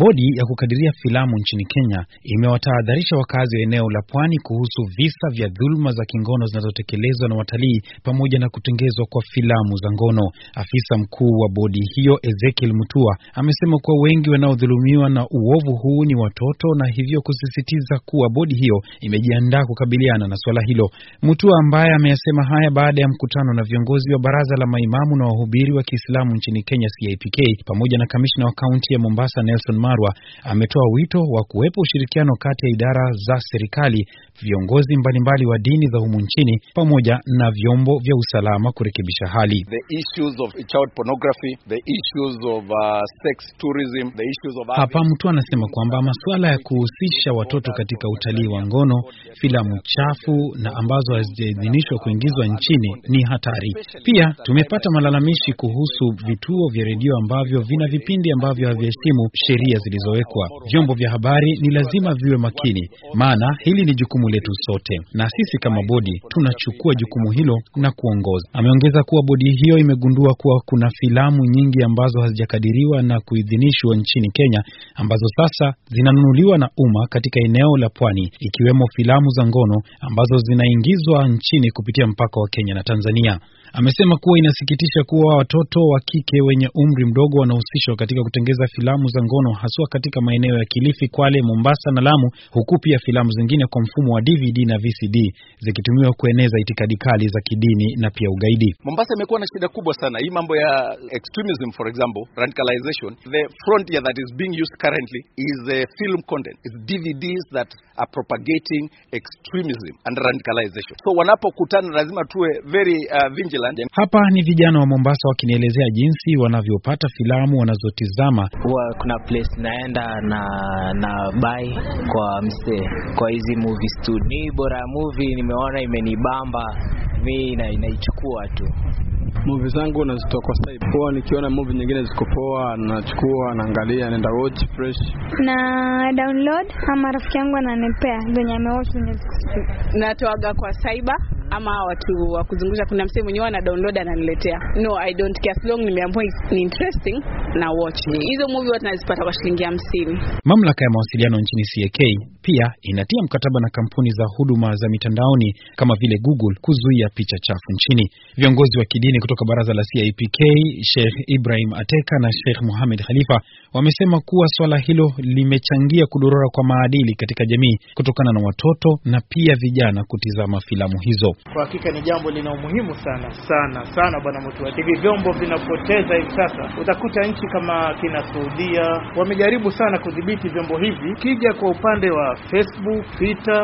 Bodi ya kukadiria filamu nchini Kenya imewatahadharisha wakazi wa eneo la pwani kuhusu visa vya dhuluma za kingono zinazotekelezwa na watalii pamoja na kutengezwa kwa filamu za ngono. Afisa mkuu wa bodi hiyo Ezekiel Mutua amesema kuwa wengi wanaodhulumiwa na uovu huu ni watoto na hivyo kusisitiza kuwa bodi hiyo imejiandaa kukabiliana na suala hilo. Mutua ambaye ameyasema haya baada ya mkutano na viongozi wa baraza la maimamu na wahubiri wa Kiislamu nchini Kenya CIPK pamoja na kamishna wa kaunti ya Mombasa Nelson Marwa ametoa wito wa kuwepo ushirikiano kati ya idara za serikali, viongozi mbalimbali wa dini za humu nchini pamoja na vyombo vya usalama kurekebisha hali. Hapa mtu anasema kwamba masuala ya kuhusisha watoto katika utalii wa ngono, filamu chafu na ambazo hazijaidhinishwa kuingizwa nchini ni hatari. Pia tumepata malalamishi kuhusu vituo vya redio ambavyo vina vipindi ambavyo haviheshimu sheria sheria zilizowekwa. Vyombo vya habari ni lazima viwe makini, maana hili ni jukumu letu sote, na sisi kama bodi tunachukua jukumu hilo na kuongoza. Ameongeza kuwa bodi hiyo imegundua kuwa kuna filamu nyingi ambazo hazijakadiriwa na kuidhinishwa nchini Kenya ambazo sasa zinanunuliwa na umma katika eneo la pwani, ikiwemo filamu za ngono ambazo zinaingizwa nchini kupitia mpaka wa Kenya na Tanzania. Amesema kuwa inasikitisha kuwa watoto wa kike wenye umri mdogo wanahusishwa katika kutengeza filamu za ngono haswa katika maeneo ya Kilifi, Kwale, Mombasa na Lamu, huku pia filamu zingine kwa mfumo wa DVD na VCD zikitumiwa kueneza itikadi kali za kidini na pia ugaidi. Mombasa imekuwa na shida kubwa sana hii mambo ya extremism, for example radicalization. The frontier that is being used currently is a film content, is DVDs that are propagating extremism and radicalization. So wanapokutana lazima tuwe very uh, vigilant hapa ni vijana wa Mombasa wakinielezea jinsi wanavyopata filamu wanazotizama. Huwa kuna place naenda na na buy kwa mse kwa hizi movie studio. Ni bora ya movie nimeona imenibamba mi na inaichukua tu movie zangu nazitoa kwa side poa, nikiona movie nyingine ziko poa nachukua, naangalia, naenda watch fresh na download, ama rafiki yangu ananipea zenye amewatch zenye, natoaga kwa cyber ama watu wa kuzungusha. Kuna msee mwenyewe ana download ananiletea. No, I don't care as long nimeambiwa ni interesting na watch. Hizo movie watu nazipata kwa shilingi 50. Mamlaka ya mawasiliano nchini CAK pia inatia mkataba na kampuni za huduma za mitandaoni kama vile Google kuzuia picha chafu nchini. Viongozi wa kidini kutoka baraza la CIPK, Sheikh Ibrahim Ateka na Sheikh Muhammad Khalifa wamesema kuwa swala hilo limechangia kudorora kwa maadili katika jamii kutokana na watoto na pia vijana kutizama filamu hizo. Kwa hakika ni jambo lina umuhimu sana sana sana, bwana Mutua. Hivi vyombo vinapoteza hivi sasa, utakuta nchi kama kina Saudia wamejaribu sana kudhibiti vyombo hivi. Kija kwa upande wa Facebook, Twitter,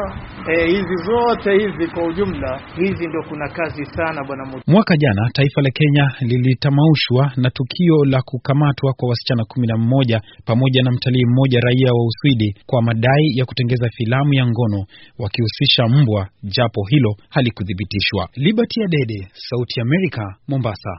e, hizi zote hizi kwa ujumla, hizi ndio kuna kazi sana bwana Mutua. Mwaka jana taifa la Kenya lilitamaushwa na tukio la kukamatwa kwa wasichana kumi na mmoja pamoja na mtalii mmoja raia wa Uswidi kwa madai ya kutengeza filamu ya ngono wakihusisha mbwa, japo hilo halikuthi kuthibitishwa. Liberty Adede, Sauti ya Amerika, Mombasa.